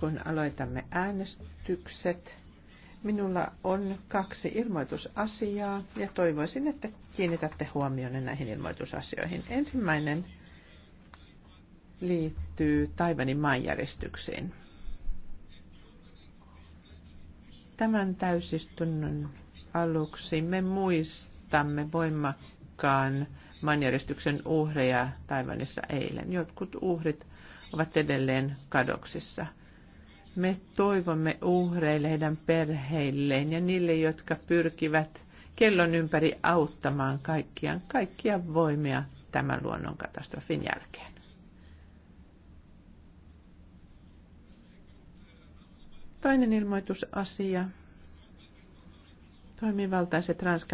kun aloitamme äänestykset. Minulla on kaksi ilmoitusasiaa ja toivoisin, että kiinnitätte huomioon näihin ilmoitusasioihin. Ensimmäinen liittyy Taivanin maanjäristyksiin. Tämän täysistunnon aluksi me muistamme voimakkaan maanjäristyksen uhreja Taivanissa eilen. Jotkut uhrit ovat edelleen kadoksissa – me toivomme uhreille, heidän perheilleen ja niille, jotka pyrkivät kellon ympäri auttamaan kaikkiaan, kaikkia voimia tämän luonnonkatastrofin jälkeen. Toinen ilmoitusasia. Toimivaltaiset Ranskan